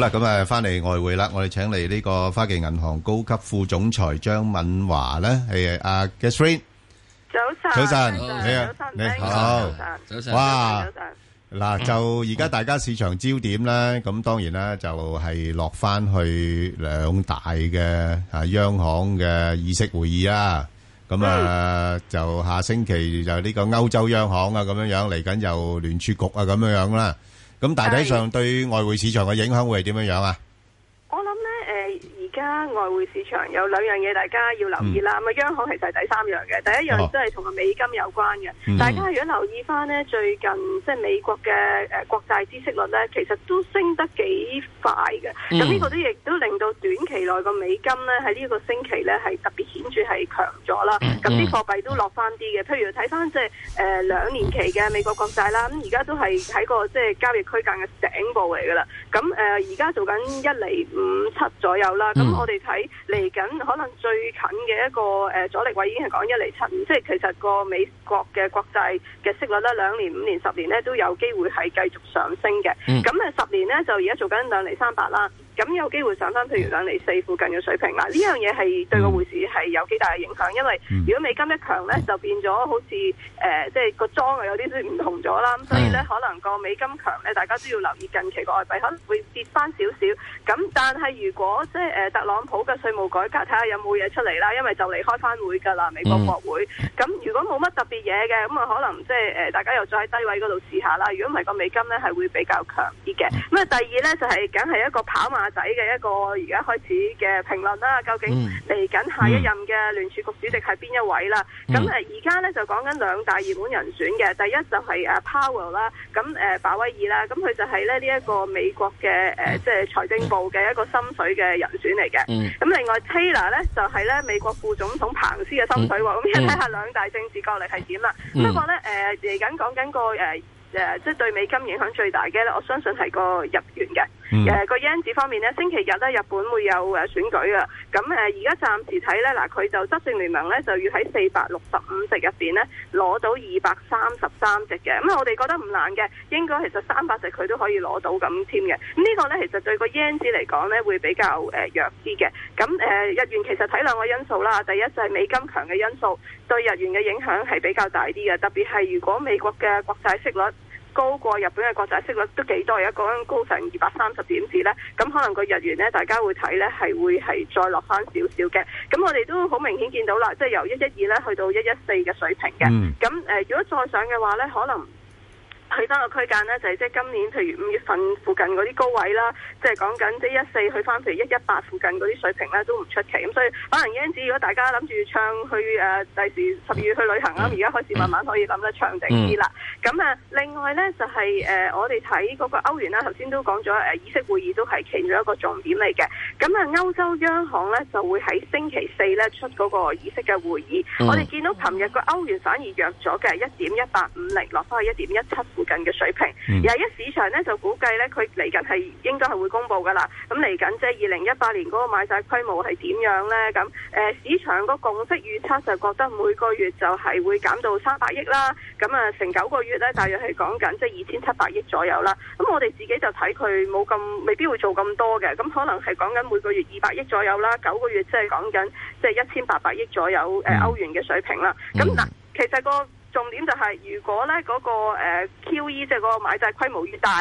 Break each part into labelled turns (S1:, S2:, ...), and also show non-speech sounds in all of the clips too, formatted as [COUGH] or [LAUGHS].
S1: 啦，咁啊，翻嚟外匯啦，我哋請嚟呢個花旗銀行高級副總裁張敏華咧，係阿 Gasrin，
S2: 早晨，早晨，你好，早晨，早晨，早晨，早晨，
S1: 嗱，就而家大家市場焦點咧，咁當然咧就係落翻去兩大嘅啊央行嘅議息會議啦，咁啊就下星期就呢個歐洲央行啊咁樣樣嚟緊又聯儲局啊咁樣樣啦。咁大體上對外匯市場嘅影響會係點樣呀？
S3: 啊，外匯市場有兩樣嘢大家要留意啦，咁啊、嗯、央行其實係第三樣嘅，第一樣都係同美金有關嘅。嗯、大家如果留意翻呢，最近即係美國嘅誒國債孳息率呢，其實都升得幾快嘅。咁呢、嗯、個都亦都令到短期內個美金呢，喺呢一個星期呢，係特別顯著係強咗啦。咁啲、嗯、貨幣都落翻啲嘅，譬如睇翻即係誒兩年期嘅美國國債啦，咁而家都係喺、那個即係、就是、交易區間嘅頂部嚟噶啦。咁誒而家做緊一厘五七左右啦。嗯嗯我哋睇嚟緊，可能最近嘅一個誒，阻力位已經係講一厘七五，即係其實個美國嘅國債嘅息率咧，兩 [NOISE] 年、五、嗯、年、十年咧都有機會係繼續上升嘅。咁誒，十年咧就而家做緊兩厘三八啦。咁有機會上翻，譬如兩厘四附近嘅水平啦。呢樣嘢係對個匯市係有幾大嘅影響，因為如果美金一強咧，就變咗好似誒，即、呃、係、就係、個裝啊有啲啲唔同咗啦。咁所以咧，可能個美金強咧，大家都要留意近期個外幣可能會跌翻少少。咁但係如果即係誒特朗普嘅稅務改革，睇下有冇嘢出嚟啦。因為就嚟開翻會㗎啦，美國國會。咁、嗯、如果冇乜特別嘢嘅，咁啊可能即係誒，大家又再喺低位嗰度試下啦。如果唔係個美金咧，係會比較強啲嘅。咁啊，第二咧就係梗係一個跑馬仔嘅一個而家開始嘅評論啦，究竟嚟緊下，下一任嘅聯儲局主席係邊一位啦？咁誒、嗯，而家咧就講緊兩大熱門人選嘅，第一就係誒 Powell 啦，咁誒鮑威爾啦，咁佢就係咧呢一個美國嘅誒、呃、即係財政部嘅一個心水嘅人選嚟嘅。咁、嗯、另外 Taylor 咧就係、是、咧美國副總統彭斯嘅心水，咁一睇下兩大政治角力係點啦。嗯、不過咧誒嚟緊講緊個誒誒、呃呃、即係對美金影響最大嘅咧，我相信係個入員嘅。誒，個 Yen 字方面呢，星期日咧日本會有誒選舉啊。咁誒，而家暫時睇咧，嗱佢就執政聯盟咧，就要喺四百六十五席入邊咧攞到二百三十三席嘅。咁我哋覺得唔難嘅，應該其實三百席佢都可以攞到咁添嘅。這個、呢個咧，其實對個 Yen 字嚟講咧，會比較誒弱啲嘅。咁誒，日元其實睇兩個因素啦。第一就係美金強嘅因素，對日元嘅影響係比較大啲嘅。特別係如果美國嘅國債息率。高過日本嘅國際息率都幾多，而家講緊高成二百三十點子咧，咁可能個日元咧，大家會睇咧係會係再落翻少少嘅。咁我哋都好明顯見到啦，即係由一一二咧去到一一四嘅水平嘅。咁誒、呃，如果再上嘅話咧，可能，去翻個區間呢，就係即係今年，譬如五月份附近嗰啲高位啦，即係講緊即係一四去翻，譬如一一八附近嗰啲水平呢，都唔出奇。咁所以可能因子，ang, 如果大家諗住唱去誒第、啊、時十二月去旅行啊，而家開始慢慢可以諗得長定啲啦。咁啊、嗯，另外呢，就係、是、誒、呃、我哋睇嗰個歐元啦，頭先都講咗誒議息會議都係其中一個重點嚟嘅。咁啊，歐洲央行呢，就會喺星期四呢出嗰個議息嘅會議。嗯、我哋見到琴日個歐元反而弱咗嘅一點一八五零，落翻去一點一七。近嘅水平，嗯、而家市場咧就估計咧，佢嚟緊係應該係會公布噶啦。咁嚟緊即係二零一八年嗰個買債規模係點樣咧？咁誒、呃，市場個共識預測就覺得每個月就係會減到三百億啦。咁啊、呃，成九個月咧，大約係講緊即係二千七百億左右啦。咁我哋自己就睇佢冇咁，未必會做咁多嘅。咁可能係講緊每個月二百億左右啦，九個月即係講緊即係一千八百億左右誒歐、嗯呃、元嘅水平啦。咁嗱，嗯、其實、嗰個。重點就係、是，如果咧嗰個誒 QE 即係嗰個買債規模越大。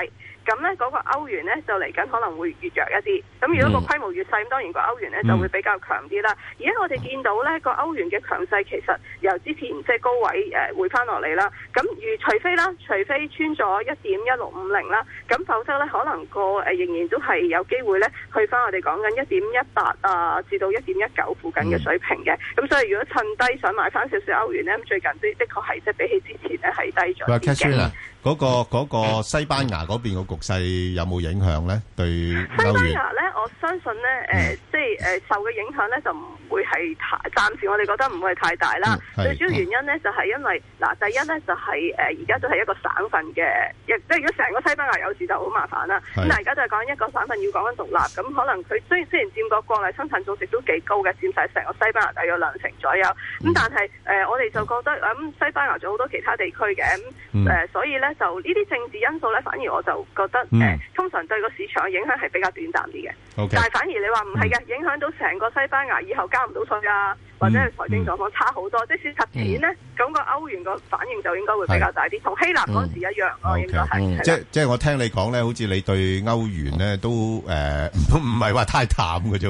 S3: 咁呢嗰個歐元呢，就嚟緊可能會越弱一啲。咁如果個規模越細，咁當然個歐元呢 [NOISE] 就會比較強啲啦。而家我哋見到呢個歐元嘅強勢其實由之前即係高位，誒、呃、回翻落嚟啦。咁如除非啦，除非穿咗一點一六五零啦，咁否則呢，可能、個、呃、仍然都係有機會呢去翻我哋講緊一點一八啊至到一點一九附近嘅水平嘅。咁 [NOISE] 所以如果趁低想買翻少少歐元呢，咁最近的的確係即係比起之前呢係低咗。
S1: 嗰個西班牙嗰邊嘅局勢有冇影響咧？對西班牙
S3: 咧，我相信咧，誒、呃，即係誒受嘅影響咧，就唔會係太，暫時我哋覺得唔會係太大啦。最、嗯、主要原因咧，就係因為嗱，第一咧就係誒而家都係一個省份嘅，即係如果成個西班牙有事就好麻煩啦。咁而家就係講一個省份要講緊獨立，咁可能佢雖雖然佔個國內生產總值都幾高嘅，佔晒成個西班牙大約兩成左右，咁但係誒、呃、我哋就覺得咁西班牙仲好多其他地區嘅，誒、嗯呃、所以咧。就呢啲政治因素咧，反而我就覺得誒，通常對個市場嘅影響係比較短暫啲嘅。但係反而你話唔係嘅，影響到成個西班牙以後交唔到稅啊，或者係財政狀況差好多，即係涉及錢咧，咁個歐元個反應就應該會比較大啲，同希臘嗰時一樣咯，應該係。
S1: 即即係我聽你講咧，好似你對歐元咧都誒，唔唔係話太淡嘅
S2: 啫。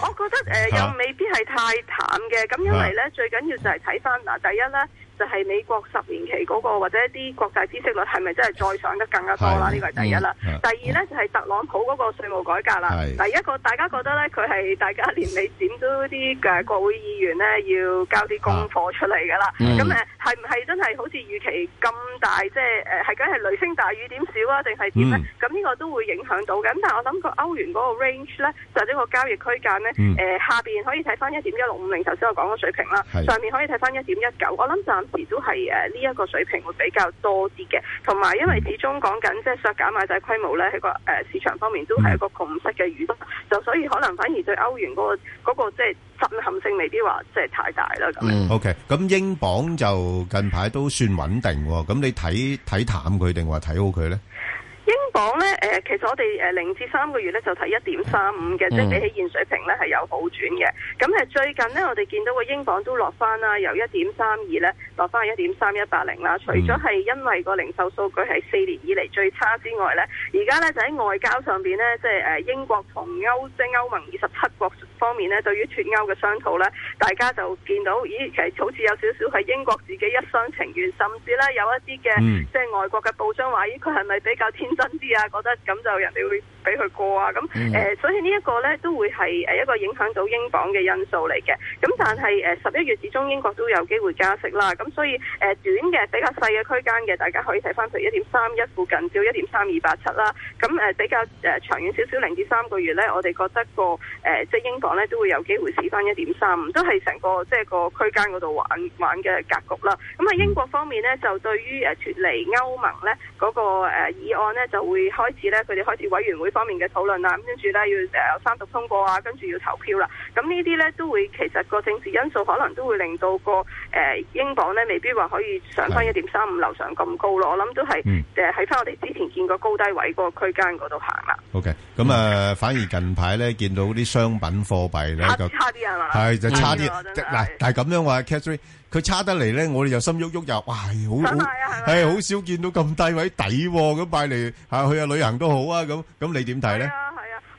S3: 我覺得誒，又未必係太淡嘅。咁因為咧，最緊要就係睇翻嗱，第一咧。就係美國十年期嗰，那個或者一啲國際息率係咪真係再上得更加多啦？呢個係第一啦。嗯、第二呢，嗯、就係特朗普嗰個稅務改革啦。的第一個大家覺得呢，佢係大家年尾點都啲嘅國會議員呢，要交啲功課出嚟㗎啦。咁誒係唔係真係好似預期咁大？即係誒係梗係雷聲大雨點小啊？定係點呢？嗯呢個都會影響到，咁但係我諗個歐元嗰個 range 咧，就係呢個交易區間咧，誒、嗯呃、下邊可以睇翻一點一六五零，頭先我講嘅水平啦，是上面可以睇翻一點一九，我諗暫時都係誒呢一個水平會比較多啲嘅，同埋因為始終講緊即係縮減買債規模咧，喺個誒市場方面都係一個共識嘅預期，就、嗯、所以可能反而對歐元嗰個嗰個即係震撼性未必話即係太大啦。咁
S2: O K，咁
S1: 英鎊就近排都算穩定，咁你睇睇淡佢定話睇好佢咧？
S3: 英鎊咧，誒、呃，其實我哋誒零至三個月咧就睇一點三五嘅，mm. 即係比起現水平咧係有好轉嘅。咁誒最近咧，我哋見到個英鎊都落翻啦，由一點三二咧落翻一點三一八零啦。除咗係因為個零售數據係四年以嚟最差之外咧，而家咧就喺外交上面咧，即係誒英國同歐即係歐盟二十七國。方面咧，對於脫歐嘅商討咧，大家就見到咦，其實好似有少少係英國自己一廂情願，甚至咧有一啲嘅、嗯、即係外國嘅報章懷疑佢係咪比較天真啲啊？覺得咁就人哋會。俾佢過啊！咁誒，所以呢一個呢，都會係誒一個影響到英鎊嘅因素嚟嘅。咁但係誒十一月始終英國都有機會加息啦。咁所以誒短嘅比較細嘅區間嘅，大家可以睇翻佢，一點三一附近到一點三二八七啦。咁誒比較誒長遠少少零至三個月呢，我哋覺得個誒即係英鎊呢，都會有機會試翻一點三五，都係成個即係個區間嗰度玩玩嘅格局啦。咁喺英國方面呢，就對於誒脱離歐盟呢嗰個誒議案呢，就會開始呢，佢哋開始委員會。方面嘅討論啦，咁跟住咧要誒三讀通過啊，跟住要投票啦。咁呢啲咧都會其實個政治因素可能都會令到個誒英鎊咧未必話可以上翻一點三五樓上咁高咯。是我諗都係誒喺翻我哋之前見過高低位嗰個區間嗰度行啦。
S1: OK，咁那啊、嗯、反而近排咧見到啲商品貨幣咧就差啲係嘛，係就差啲嗱，但係咁樣話。Catherine, 佢差得嚟咧，我哋又心喐喐入，哇，好，係好少見到咁低位底咁、啊、拜嚟嚇，下去下、啊、旅行都好啊，咁咁你點睇咧？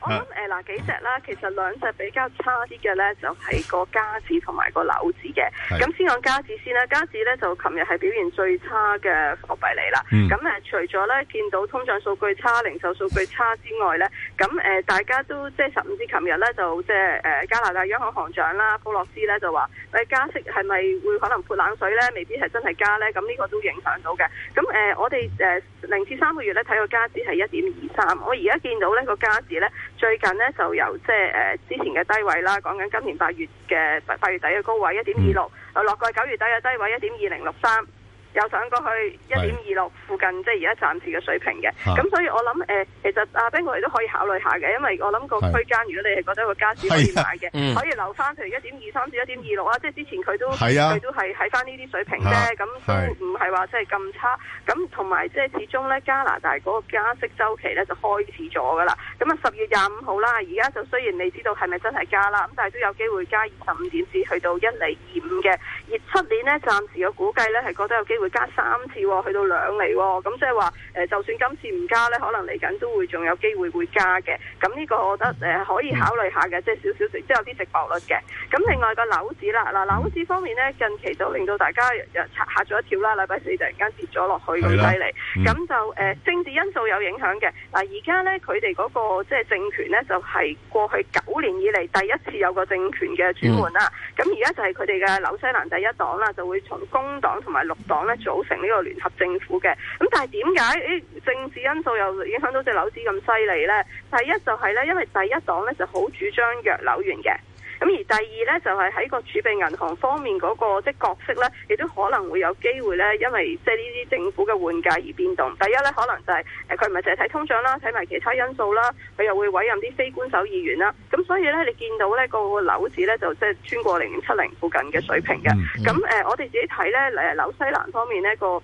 S3: Uh, 我諗誒嗱幾隻啦，其實兩隻比較差啲嘅咧，就係、是、個加字同埋個紐字嘅。咁是先講加字先啦，加字咧就琴日係表現最差嘅貨幣嚟啦。咁誒、嗯、除咗咧見到通脹數據差、零售數據差之外咧，咁誒、呃、大家都即係十五至琴日咧就即係誒加拿大央行行長啦，布洛斯咧就話誒加息係咪會可能潑冷水咧？未必係真係加咧。咁呢個都影響到嘅。咁誒、呃、我哋誒、呃、零至三個月咧睇個加字係一點二三。我而家見到呢個加字咧。最近呢，就由即係誒之前嘅低位啦，講緊今年八月嘅八月底嘅高位一點二六，落過九月底嘅低位一點二零六三。又上過去一點二六附近，是即係而家暫時嘅水平嘅。咁、啊、所以我諗，誒、呃、其實阿 Ben 我哋都可以考慮下嘅，因為我諗個區間，是如果你係覺得個價值可以買嘅，啊、可以留翻譬如一點二三至一點二六啊，即係之前佢都佢、啊、都係喺翻呢啲水平啫。咁都唔係話即係咁差。咁同埋即係始終咧，加拿大嗰個加息周期咧就開始咗㗎啦。咁啊，十月廿五號啦，而家就雖然你知道係咪真係加啦，咁但係都有機會加二十五點至去到一厘二五嘅。而出年呢，暫時嘅估計咧係覺得有機。會加三次喎，去到兩釐喎，咁即係話誒，就算今次唔加呢，可能嚟緊都會仲有機會會加嘅。咁呢個我覺得誒可以考慮下嘅，即係少少食，即係有啲殖暴率嘅。咁另外個樓市啦，嗱樓市方面呢，近期就令到大家嚇咗一跳啦，禮拜四突然間跌咗落去咁犀利。咁就誒政治因素有影響嘅。嗱而家呢，佢哋嗰個即係政權呢，就係過去九年以嚟第一次有個政權嘅轉換啦。咁而家就係佢哋嘅紐西蘭第一黨啦，就會從工黨同埋綠黨。組成呢個聯合政府嘅，咁但係點解誒政治因素又影響到隻紐子咁犀利咧？第一就係咧，因為第一黨咧就好主張弱紐元嘅。咁而第二呢，就係喺個儲備銀行方面嗰個即係角色呢，亦都可能會有機會呢。因為即係呢啲政府嘅換屆而變動。第一呢，可能就係誒佢唔係淨係睇通脹啦，睇埋其他因素啦，佢又會委任啲非官守議員啦。咁所以呢，你見到呢個樓市呢，就即係穿過零點七零附近嘅水平嘅。咁誒，嗯，嗯，我哋自己睇呢，誒紐西蘭方面呢個誒，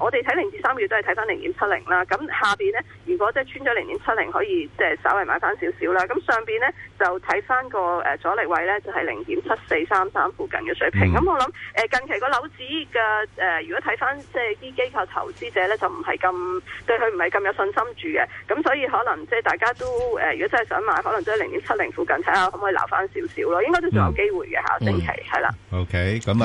S3: 我哋睇零至三月都係睇翻零點七零啦。咁下邊呢，如果即係穿咗零點七零，可以即係稍微買翻少少啦。咁上邊呢，就睇翻個誒阻力位。咧就係零點七四三三附近嘅水平，咁、嗯、我諗誒、呃、近期個樓指嘅誒，如果睇翻即係啲機構投資者咧，就唔係咁對佢唔係咁有信心住嘅，咁所以可能即係大家都誒，如果真係想買，可能即係零點七零附近睇下可唔可以留翻少少咯，應該都仲有機會嘅，下個星期係啦。
S1: OK，咁的、那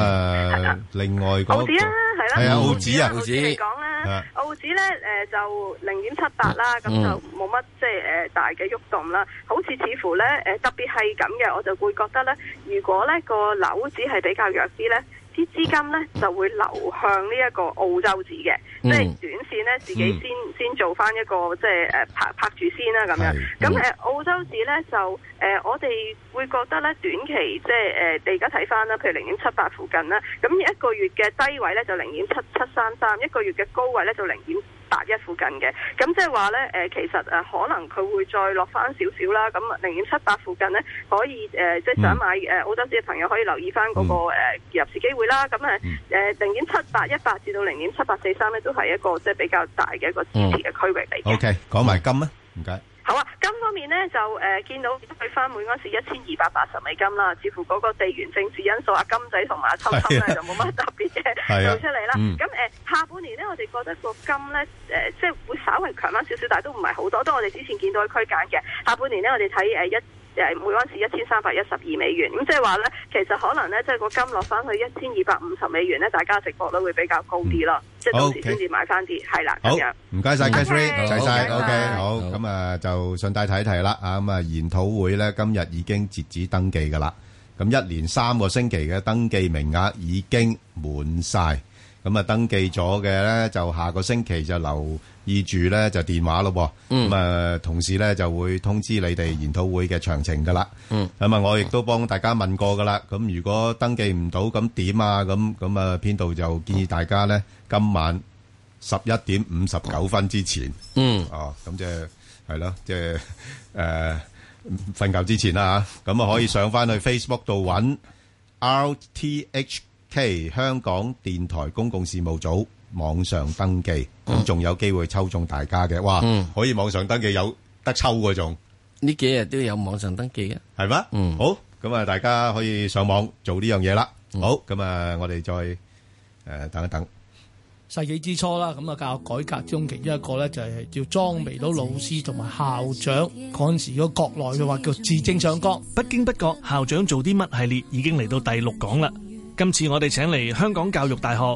S1: 個、啊，另外好啊，係啦，係好啲啊，你講啦。
S3: 澳紙呢誒、呃、就零點七八啦，咁就冇乜即係誒大嘅喐動啦。好似似乎呢，誒、呃、特別係咁嘅，我就會覺得呢，如果呢個紐紙係比較弱啲呢。啲資金咧就會流向呢一個澳洲紙嘅，嗯、即係短線咧自己先、嗯、先做翻一個即係誒拍拍住先啦咁樣。咁誒、嗯、澳洲紙咧就誒、呃、我哋會覺得咧短期即係誒你而家睇翻啦，譬如零點七八附近啦，咁一個月嘅低位咧就零點七七三三，一個月嘅高位咧就零點八一、嗯、附近嘅，咁、嗯嗯、即係話咧，誒、呃，其實誒、呃，可能佢會再落翻少少啦，咁零點七八附近咧，可以誒，即係想買誒，澳洲市嘅朋友可以留意翻嗰個誒入市機會啦，咁啊，誒，零點七八一八至到零點七八四三咧，都係一個即係比較大嘅一個支持嘅區域嚟。
S1: OK，講埋金啊，唔該、嗯。謝謝
S3: 好啊，金方面咧就誒、呃，見到兌翻每安士一千二百八十美金啦，至乎嗰個地緣政治因素啊，金仔同埋阿秋秋咧就冇乜特別嘅做出嚟啦。咁、呃、誒，下半年咧我哋覺得個金咧誒、呃，即係會稍微強翻少少，但係都唔係好多，都我哋之前見到嘅區間嘅。下半年咧我哋睇誒一。就每盎司一千三百一十二美元，咁即係話咧，其實可能咧，即係個金落翻去一千二百五十
S1: 美元咧，大家值貨率會比較高啲咯，即係到時先至買翻啲，係啦。好，唔該晒 k a t h y 齊曬，OK，好。咁啊，就順帶睇一睇啦。啊，咁啊，研討會咧，今日已經截止登記㗎啦。咁一連三個星期嘅登記名額已經滿晒。咁啊，登記咗嘅咧，就下個星期就留。易住咧就電話咯，咁、嗯、啊、嗯，同事咧就會通知你哋研討會嘅詳情噶啦。咁啊、嗯嗯，我亦都幫大家問過噶啦。咁如果登記唔到，咁點啊？咁咁啊，編導就建議大家咧，今晚十一點五十九分之前，嗯，哦、嗯，咁即係係咯，即係誒瞓覺之前啦嚇。咁啊，啊可以上翻去 Facebook 度揾 RTHK 香港電台公共事務組。網上登記咁仲、嗯、有機會抽中大家嘅，哇！嗯、可以網上登記有得抽嗰種。呢幾日都有網上登記嘅，係咩？嗯，好，咁啊，大家可以上網做呢樣嘢啦。好，咁啊，我哋再誒等一等。
S4: 世紀之初啦，咁啊，教育改革中期，一個咧就係叫裝備到老師同埋校長。嗰陣時個國內嘅話叫持證上崗，不經不覺，校長做啲乜系列已經嚟到第六講啦。今次我哋請嚟香港教育大學，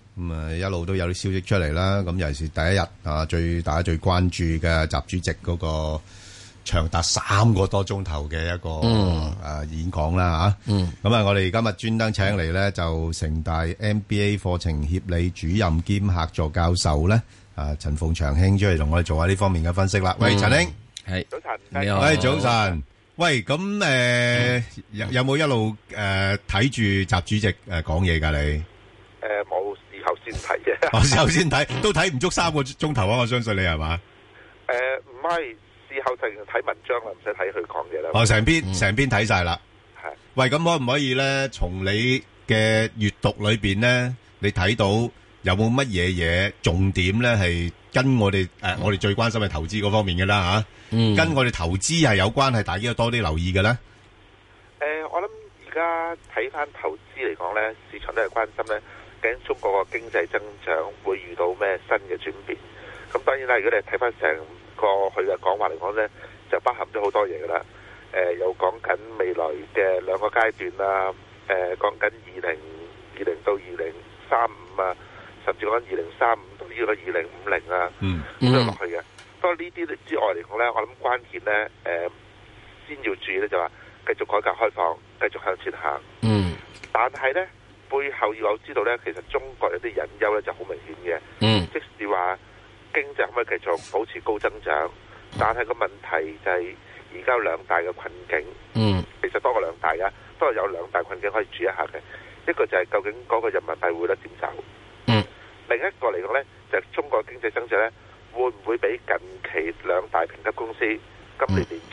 S1: 咁啊，一路都有啲消息出嚟啦。咁尤其是第一日啊，最大家最關注嘅習主席嗰個長達三個多鐘頭嘅一個誒演講啦吓。咁啊，我哋今日專登請嚟咧，就城大 MBA 課程協理主任兼客座教授咧，啊陳鳳翔兄，出嚟同我哋做下呢方面嘅分析啦。喂，陳兄，係早晨，你好。喂，早晨。喂，咁誒有有冇一路誒睇住習主席誒講嘢噶你？誒冇。睇啫，我、 [LAUGHS] 哦、首先睇都睇唔足三個鐘頭啊！ [LAUGHS] 我相信你係嘛？誒唔係，
S5: 事後睇睇文章啦，唔使睇佢講嘢啦。我成
S1: 篇成篇睇晒啦。係，喂，咁可唔可以咧？從你嘅閱讀裏邊咧，你睇到有冇乜嘢嘢重點咧？係跟我哋誒，我哋最關心嘅投資嗰方面嘅啦吓，啊嗯、跟我哋投資係有關係，大家要多啲留意嘅啦。誒、嗯
S5: 呃，我諗而家睇翻投資嚟講咧，市場都係關心咧。嗯嗯究中國個經濟增長會遇到咩新嘅轉變？咁當然啦，如果你睇翻成個佢嘅講話嚟講咧，就包含咗好多嘢噶啦。誒、呃，又講緊未來嘅兩個階段啊，誒、呃，講緊二零二零到二零三五啊，甚至講緊二零三五同呢個二零五零啊，
S2: 咁、嗯、樣落
S5: 去嘅。不過呢啲之外嚟講咧，我諗關鍵咧，誒、呃，先要注意咧就係繼續改革開放，繼續向前行。嗯。但係咧。
S2: 背後要我知道呢，其實中國有啲隱憂呢就好明顯嘅。嗯，即係話經濟可唔可以繼續保持高增長？
S5: 但係個問題就係而家有兩大嘅困境。嗯，其實多過兩大啊，都係有兩大困境可以住一下嘅。一個就係究竟嗰個人民幣會唔會點走？嗯，另一個嚟講呢，就係、是、中國經濟增長呢，會唔會比近期兩大評級公司今年年、嗯？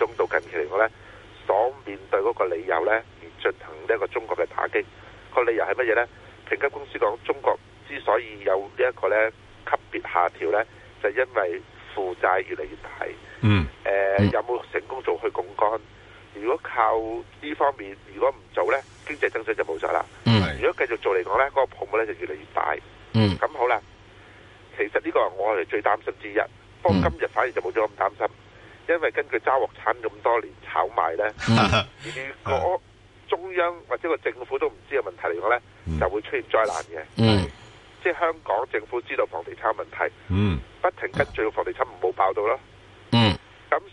S5: 嘅咧，評級公司講中國之所以有呢一個咧級別下調咧，就因為負債越嚟越大。
S2: 嗯，誒、呃，嗯、有冇成功做去槓桿？如果靠
S5: 呢方面，如果唔做咧，經濟增長就冇咗啦。嗯，如果繼續做嚟講咧，嗰、嗰個泡沫咧就越嚟越大。
S2: 嗯，
S5: 咁好啦，其實呢個係我哋最擔心之一。不過今日反而就冇咗咁擔心，因為根據揸鑊產咁多年炒賣咧，嗯、如果中央或者個政府都唔，出現災難嘅，
S2: 嗯、
S5: 即係香港政府知道房地產問題，嗯、不停跟住個房地產唔好爆到咯。咁、嗯、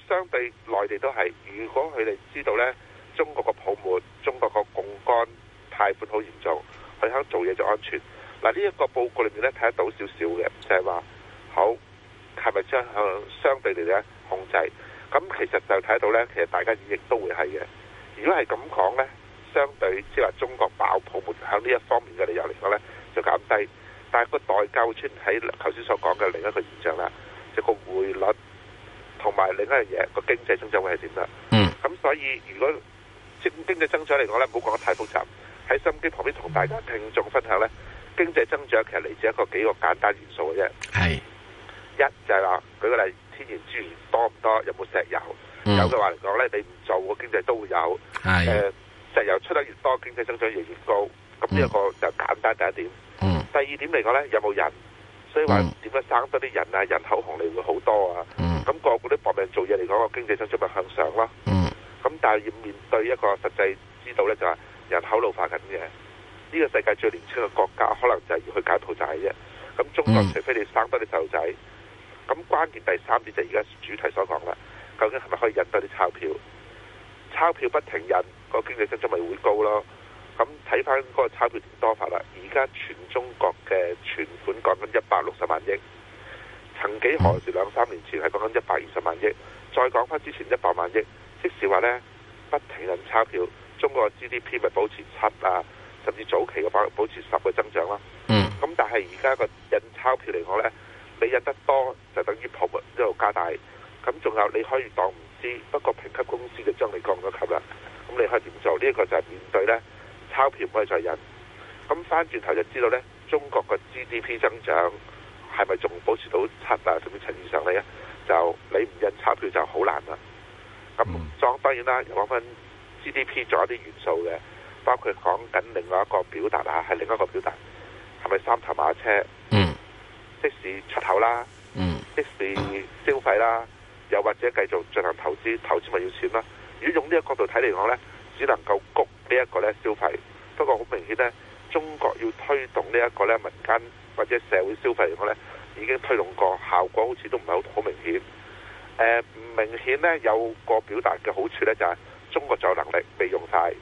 S5: 相對內地都係，如果佢哋知道呢中國個泡沫、中國個槓杆、貸款好嚴重，佢響做嘢就安全。嗱，呢一個報告裏面呢，睇得到少少嘅，就係、是、話好係咪將向相對嚟咧控制？咁其實就睇到呢，其實大家亦都會係嘅。如果係咁講呢。相對即係話中國爆泡沫喺呢一方面嘅理由嚟講咧，就減低。但係個代購村喺頭先所講嘅另一個現象啦，就是、個匯率同埋另一樣嘢、個經濟、嗯、增長會係點啦？嗯。咁所以如果即係經濟增長嚟講咧，唔好講得太複雜。喺心機旁邊同大家聽眾分享咧，經濟增長其實嚟自一個幾個簡單元素嘅啫。係是。一就係、是、話舉個例，天然資源多唔多？有冇石油？有嘅、嗯、話嚟講咧，你唔做個經濟都會有。係。就由出得越多，經濟增長越來越高。咁呢個就簡單第一點。嗯、第二點嚟講呢有冇人？所以話點、嗯、樣生多啲人啊？人口紅利會好多啊！咁、嗯、個個都搏命做嘢嚟講，個經濟增長咪向上咯。咁、嗯、但係要面對一個實際指導呢就係、是、人口老化緊嘅。呢、這個世界最年輕嘅國家，可能就係要去搞套仔啫。咁中國除非你生多啲細路仔，咁關鍵第三點就係而家主題所講啦。究竟係咪可以印多啲鈔票？鈔票不停印，個經濟增長咪會高咯。咁睇翻嗰個鈔票點多法啦。而家全中國嘅存款講緊一百六十萬億，曾幾何時兩三年前係講緊一百二十萬億，再講翻之前一百萬億，即使話呢不停印鈔票，中國 GDP 咪保持七啊，甚至早期嘅保保持十嘅增長咯、啊。咁、嗯、但係而家個印鈔票嚟講呢，你印得多就等於泡沫一路加大，咁仲有你可以當。不過評級公司就將你降咗級啦，咁你可以點做？呢、這、一個就係面對咧鈔票唔可以再印，咁翻轉頭就知道咧中國嘅 GDP 增長係咪仲保持到七啊？甚至七以上嚟咧？就你唔印鈔票就好難啦。咁當當然啦，又講翻 GDP 仲有啲元素嘅，包括講緊另外一個表達吓、啊，係另外一個表達係咪三頭馬車？嗯，即係出口啦，嗯，即係消費啦。又或者繼續進行投資，投資咪要錢啦。如果用呢個角度睇嚟講呢，只能夠谷呢一個呢消費。不過好明顯呢，中國要推動呢一個呢民間或者社會消費嚟講呢，已經推動過，效果好似都唔係好好明顯。呃，明顯呢，有個表達嘅好處呢，就係、是、中國仲有能力未用晒。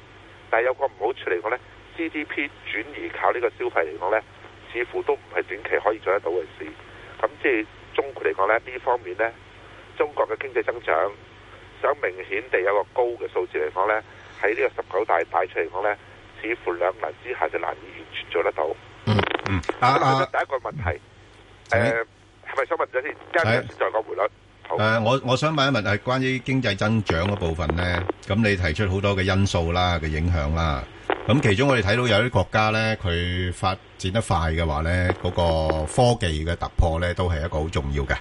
S5: 但係有個唔好處嚟講呢，GDP 轉移靠呢個消費嚟講呢，似乎都唔係短期可以做得到嘅事。咁即係中國嚟講呢，呢方面呢。中國嘅經濟增長想明顯地有個高嘅數字嚟講咧，喺呢個十九大帶出嚟講咧，似乎兩難之下就
S2: 難以完全做得
S5: 到。嗯嗯，阿阿第一個問題，誒，係咪想問咗先？而家現在講匯率。誒，我
S1: 我想問一問，係關於經濟增長嗰部分咧，咁你提出好多嘅因素啦嘅影響啦，咁其中我哋睇到有啲國家咧，佢發展得快嘅話咧，嗰個科技嘅突破咧，都係一個好重要嘅。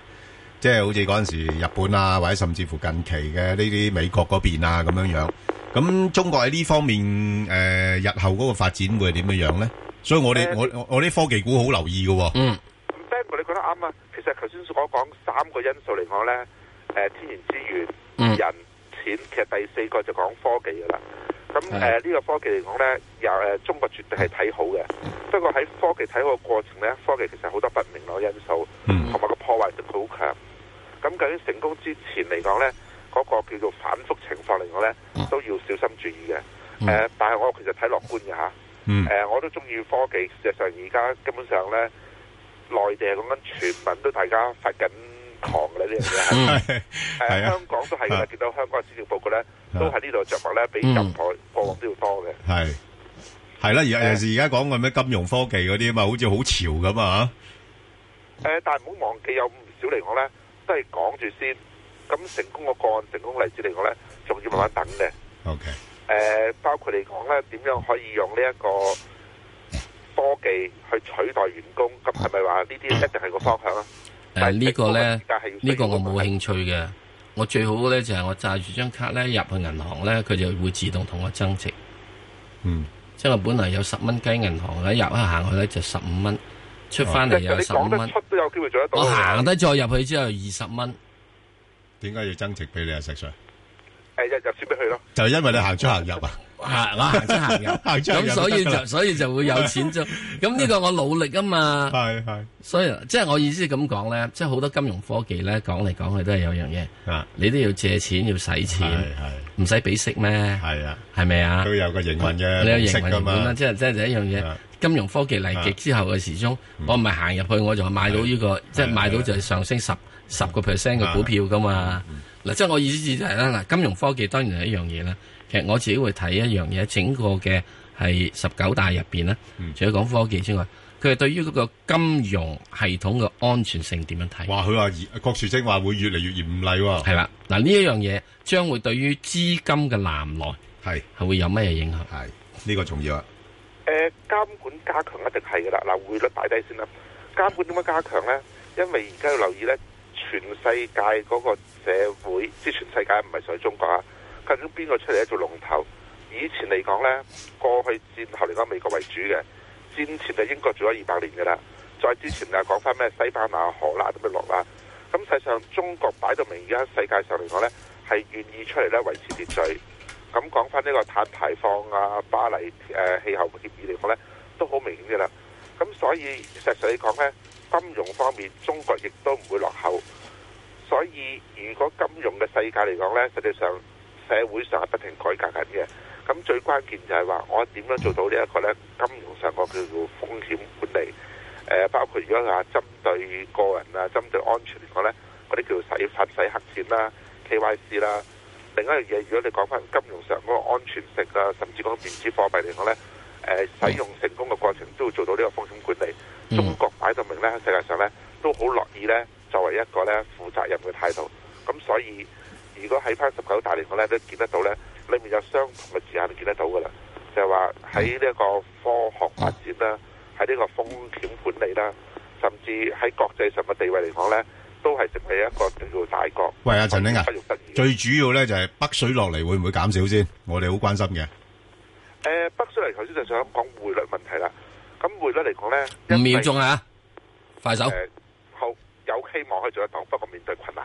S1: 即係好似嗰陣時日本啊，或者甚至乎近期嘅呢啲美國嗰邊啊咁樣樣。咁、嗯、中國喺呢方面誒、呃、日後嗰個發展會係點樣樣咧？所以我哋、呃、我我啲科技股好留意
S2: 嘅、啊。嗯。咁得
S5: 喎，你講得啱啊！其實頭先所講三個因素嚟講咧，誒天然資源、人、 [NOISE] 錢、嗯， [NOISE] 其實第四個就講科技㗎喇。
S2: 咁誒
S5: 呢個科技嚟講咧，又誒中國絕對係睇好嘅。不過喺科技睇好嘅過程咧，科技其實好多不明朗因素，同埋個破壞性好強。咁究竟成功之前嚟講咧，嗰、那個叫做反覆情況嚟講咧，都要小心注意嘅。誒、嗯呃，但係我其實睇樂觀嘅嚇。誒、嗯呃，我都中意科技。事實上，而家基本上咧，內地係咁樣全民都大家發緊狂啦呢樣嘢。誒，香港都係嘅。見、啊、到香港嘅市場報告咧，啊、都喺呢度着墨咧比任何、嗯、過往都要多嘅。
S1: 係係啦，尤其是而、啊、家講嘅咩金融科技嗰啲啊嘛，好似好潮咁
S5: 啊嚇。但係唔好忘記有唔少嚟講咧。即係講住先，咁成功個個案，成功例子嚟講呢，仲要慢慢等嘅。OK，誒、呃，包括嚟講呢，點樣可以用呢一個科技去取代員工？咁係咪話
S4: 呢啲一定係個方向啊？誒、呃，這個、呢個咧，呢個我冇興趣嘅。嗯、我最好呢，就係、是、我揸住張卡呢，入去銀行呢，佢就會自動同我增值。嗯，即係我本嚟有十蚊雞銀行咧入一行去呢，就十五蚊。出翻嚟有十五蚊，
S5: 我行
S4: 得再入去之後二十蚊，點解要增值俾你啊，石 Sir？誒、啊，日日輸俾佢咯，就因為你行出行入啊。 [LAUGHS] 係我行出行入，咁所以就所以就會有錢咗。咁呢個我努力啊嘛，係係，所以即係我意思咁講咧，即係好多金融科技咧，講嚟講去都係有樣嘢啊，你都要借錢要使錢，係係，唔使俾息咩？係啊，係咪啊？都有個營運嘅，你有營運啦，即係即係第一樣嘢。金融科技嚟極之後嘅時鐘，我唔係行入去，我就係買到呢個，即係買到就係上升十十個 percent 嘅股票噶嘛。嗱，即係我意思就係啦，嗱，金融科技當然係一樣嘢啦。其實我自己會睇一樣嘢，整個嘅係十九大入邊咧，嗯、除咗講科技之外，佢係對於嗰個金融系統嘅安全性點樣睇？哇！佢話郭樹清話會越嚟越嚴厲喎、啊。係啦，嗱、啊、呢一樣嘢將會對於資金嘅南嚟係係是會有咩影響？係呢、呢個重要啊！誒、呃，
S5: 監管加強一定係噶啦。嗱，匯率擺低先啦。監管點樣加強咧？因為而家要留意咧，全世界嗰個社會，即係全世界唔係只喺中國啊。睇中邊個出嚟做龍頭？以前嚟講呢，過去戰後嚟講美國為主嘅，戰前啊，英國做咗二百年噶啦。再之前啊，講翻咩西班牙、荷蘭咁樣落啦。咁實際上中國擺到明，而家世界上嚟講呢，係願意出嚟咧維持秩序。咁講翻呢個碳排放啊、巴黎誒氣候協議嚟講呢，都好明顯嘅啦。咁所以實際嚟講呢，金融方面中國亦都唔會落後。所以如果金融嘅世界嚟講呢，實際上。社會上不停改革緊嘅，咁最關鍵就係話我點樣做到呢一個咧？金融上個叫做風險管理，誒、呃、包括如果話針對個人啊、針對安全嚟講咧，嗰啲叫做洗刷洗黑錢啦、啊、KYC 啦、啊。另一樣嘢，如果你講翻金融上嗰個安全性啊，甚至講電子貨幣嚟講呢，誒、呃、使用成功嘅過程都會做到呢個風險管理。嗯、中國擺到明呢，世界上呢都好樂意呢作為一個咧負責任嘅態度，咁所以。如果喺翻十九大嚟講咧，都見得到咧，裏面有相同嘅字眼都見得到噶啦，就係話喺呢一個科學發展啦，喺呢個風險管理啦，甚至喺國際上嘅地位嚟講咧，都係成為一個叫做大國。喂，阿陳丁啊，
S1: 最主要咧就係北水落嚟會唔會減少先？我哋好關心嘅。誒，北水嚟頭先就想講
S5: 匯率問題啦。咁匯率嚟講咧，唔嚴重嚇，
S2: 快手。誒，好有希望可以做得
S5: 到，不過面對困難。